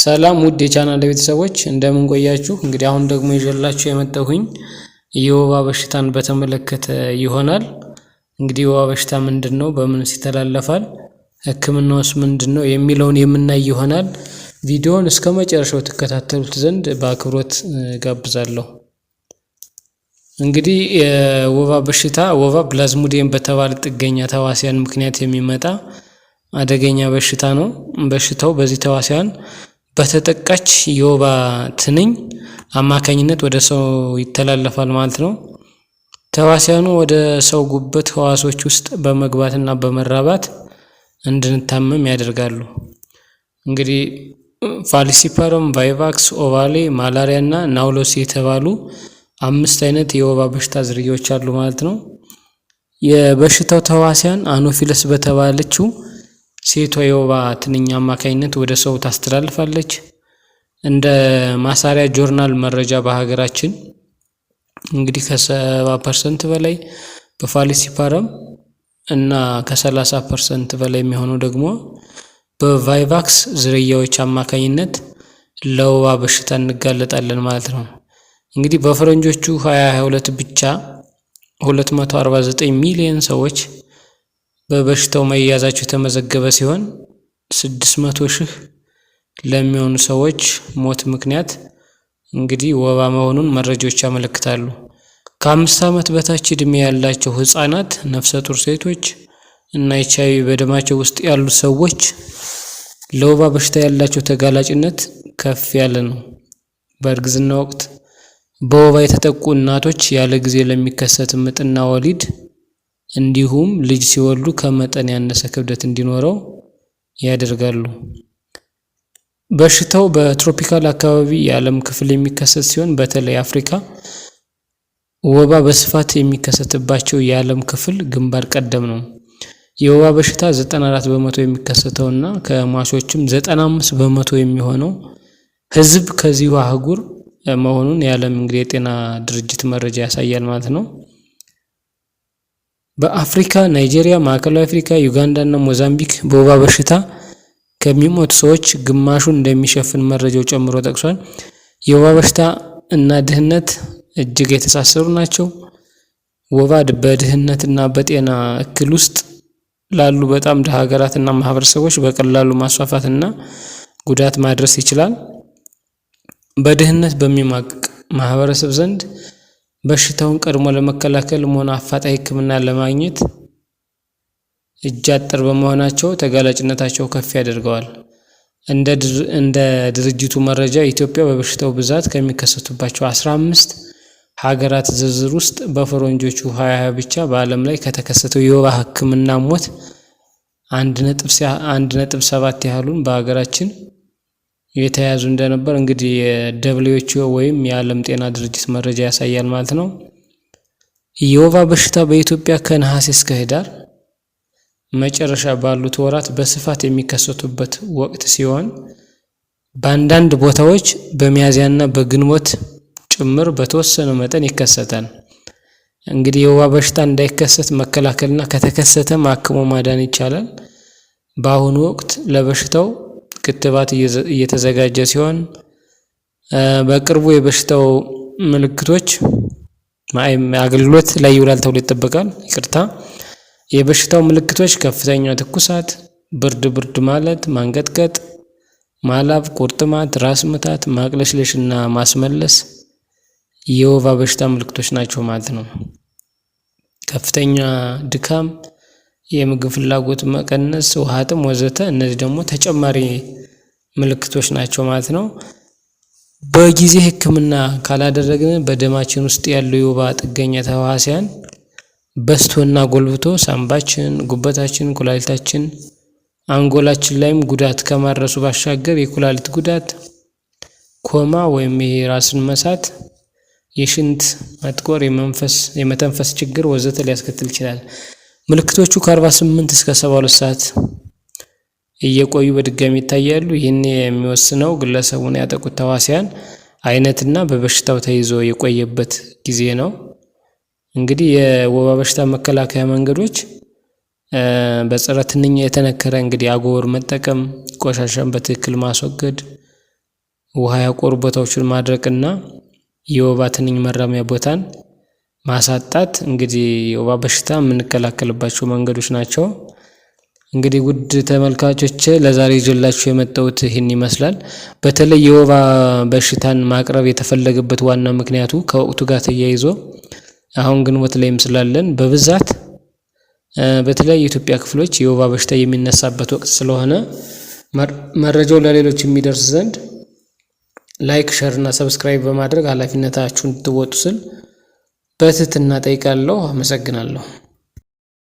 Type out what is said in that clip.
ሰላም ውድ የቻናል ቤተሰቦች እንደምን ቆያችሁ? እንግዲህ አሁን ደግሞ ይዤላችሁ የመጣሁኝ የወባ በሽታን በተመለከተ ይሆናል። እንግዲህ የወባ በሽታ ምንድን ነው? በምንስ ይተላለፋል? ሕክምናውስ ምንድን ነው የሚለውን የምናይ ይሆናል። ቪዲዮውን እስከ መጨረሻው ትከታተሉት ዘንድ በአክብሮት ጋብዛለሁ። እንግዲህ የወባ በሽታ ወባ ፕላዝሙዲየም በተባለ ጥገኛ ተዋሲያን ምክንያት የሚመጣ አደገኛ በሽታ ነው። በሽታው በዚህ ተዋሲያን በተጠቃች የወባ ትንኝ አማካኝነት ወደ ሰው ይተላለፋል ማለት ነው። ተዋሲያኑ ወደ ሰው ጉበት ህዋሶች ውስጥ በመግባትና በመራባት እንድንታመም ያደርጋሉ። እንግዲህ ፋሊሲፓረም ቫይቫክስ፣ ኦቫሌ፣ ማላሪያ እና ናውሎስ የተባሉ አምስት አይነት የወባ በሽታ ዝርያዎች አሉ ማለት ነው። የበሽታው ተዋሲያን አኖፊለስ በተባለችው ሴቷ የወባ ትንኝ አማካኝነት ወደ ሰው ታስተላልፋለች። እንደ ማሳሪያ ጆርናል መረጃ በሀገራችን እንግዲህ ከሰባ ፐርሰንት በላይ በፋሊሲፓረም እና ከሰላሳ ፐርሰንት በላይ የሚሆነው ደግሞ በቫይቫክስ ዝርያዎች አማካኝነት ለወባ በሽታ እንጋለጣለን ማለት ነው። እንግዲህ በፈረንጆቹ 2022 ብቻ 249 ሚሊዮን ሰዎች በበሽታው መያዛቸው የተመዘገበ ሲሆን 600 ሺህ ለሚሆኑ ሰዎች ሞት ምክንያት እንግዲህ ወባ መሆኑን መረጃዎች ያመለክታሉ። ከአምስት ዓመት በታች ዕድሜ ያላቸው ህጻናት፣ ነፍሰ ጡር ሴቶች እና ኤች አይ ቪ በደማቸው ውስጥ ያሉ ሰዎች ለወባ በሽታ ያላቸው ተጋላጭነት ከፍ ያለ ነው። በእርግዝና ወቅት በወባ የተጠቁ እናቶች ያለ ጊዜ ለሚከሰት ምጥና ወሊድ እንዲሁም ልጅ ሲወልዱ ከመጠን ያነሰ ክብደት እንዲኖረው ያደርጋሉ። በሽታው በትሮፒካል አካባቢ የዓለም ክፍል የሚከሰት ሲሆን በተለይ አፍሪካ ወባ በስፋት የሚከሰትባቸው የዓለም ክፍል ግንባር ቀደም ነው። የወባ በሽታ 94 በመቶ የሚከሰተውና ከሟቾችም 95 በመቶ የሚሆነው ህዝብ ከዚሁ አህጉር መሆኑን የዓለም እንግዲህ የጤና ድርጅት መረጃ ያሳያል ማለት ነው። በአፍሪካ ናይጄሪያ፣ ማዕከላዊ አፍሪካ፣ ዩጋንዳ እና ሞዛምቢክ በወባ በሽታ ከሚሞቱ ሰዎች ግማሹን እንደሚሸፍን መረጃው ጨምሮ ጠቅሷል። የወባ በሽታ እና ድህነት እጅግ የተሳሰሩ ናቸው። ወባ በድህነት እና በጤና እክል ውስጥ ላሉ በጣም ድሃ ሀገራትና ማህበረሰቦች በቀላሉ ማስፋፋትና ጉዳት ማድረስ ይችላል። በድህነት በሚማቅቅ ማህበረሰብ ዘንድ በሽታውን ቀድሞ ለመከላከል መሆን አፋጣኝ ሕክምና ለማግኘት እጅ አጠር በመሆናቸው ተጋላጭነታቸው ከፍ ያደርገዋል። እንደ ድርጅቱ መረጃ ኢትዮጵያ በበሽታው ብዛት ከሚከሰቱባቸው አስራ አምስት ሀገራት ዝርዝር ውስጥ በፈረንጆቹ ሀያ ብቻ በዓለም ላይ ከተከሰተው የወባ ሕክምና ሞት አንድ ነጥብ ሰባት ያህሉን በሀገራችን የተያዙ እንደነበር እንግዲህ የደብሊዎች ወይም የዓለም ጤና ድርጅት መረጃ ያሳያል ማለት ነው። የወባ በሽታ በኢትዮጵያ ከነሐሴ እስከ ህዳር መጨረሻ ባሉት ወራት በስፋት የሚከሰቱበት ወቅት ሲሆን በአንዳንድ ቦታዎች በሚያዝያና በግንቦት ጭምር በተወሰነ መጠን ይከሰታል። እንግዲህ የወባ በሽታ እንዳይከሰት መከላከልና ከተከሰተ ማክሞ ማዳን ይቻላል። በአሁኑ ወቅት ለበሽታው ክትባት እየተዘጋጀ ሲሆን በቅርቡ የበሽታው ምልክቶች አገልግሎት ላይ ይውላል ተብሎ ይጠበቃል። ይቅርታ የበሽታው ምልክቶች ከፍተኛ ትኩሳት፣ ብርድ ብርድ ማለት፣ ማንቀጥቀጥ፣ ማላብ፣ ቁርጥማት፣ ራስ ምታት፣ ማቅለሽለሽ እና ማስመለስ የወባ በሽታ ምልክቶች ናቸው ማለት ነው። ከፍተኛ ድካም የምግብ ፍላጎት መቀነስ፣ ውሃ ጥም ወዘተ እነዚህ ደግሞ ተጨማሪ ምልክቶች ናቸው ማለት ነው። በጊዜ ሕክምና ካላደረግን በደማችን ውስጥ ያሉ የወባ ጥገኛ ተህዋሲያን በስቶና ጎልብቶ ሳምባችን፣ ጉበታችን፣ ኩላሊታችን፣ አንጎላችን ላይም ጉዳት ከማድረሱ ባሻገር የኩላሊት ጉዳት፣ ኮማ ወይም የራስን መሳት፣ የሽንት መጥቆር፣ የመንፈስ የመተንፈስ ችግር ወዘተ ሊያስከትል ይችላል። ምልክቶቹ ከ48 እስከ 72 ሰዓት እየቆዩ በድጋሚ ይታያሉ። ይህን የሚወስነው ግለሰቡን ያጠቁት ተዋሲያን አይነትና በበሽታው ተይዞ የቆየበት ጊዜ ነው። እንግዲህ የወባ በሽታ መከላከያ መንገዶች በጸረ ትንኝ የተነከረ እንግዲህ አጎበር መጠቀም፣ ቆሻሻን በትክክል ማስወገድ፣ ውሃ ያቆሩ ቦታዎችን ማድረቅና የወባ ትንኝ መራሚያ ቦታን ማሳጣት እንግዲህ የወባ በሽታ የምንከላከልባቸው መንገዶች ናቸው። እንግዲህ ውድ ተመልካቾች ለዛሬ ይዤላችሁ የመጣሁት ይህን ይመስላል። በተለይ የወባ በሽታን ማቅረብ የተፈለገበት ዋና ምክንያቱ ከወቅቱ ጋር ተያይዞ አሁን ግንቦት ላይም ስላለን በብዛት በተለያዩ የኢትዮጵያ ክፍሎች የወባ በሽታ የሚነሳበት ወቅት ስለሆነ መረጃው ለሌሎች የሚደርስ ዘንድ ላይክ፣ ሸር እና ሰብስክራይብ በማድረግ ኃላፊነታችሁ እንድትወጡ ስል በትህትና ጠይቃለሁ። አመሰግናለሁ።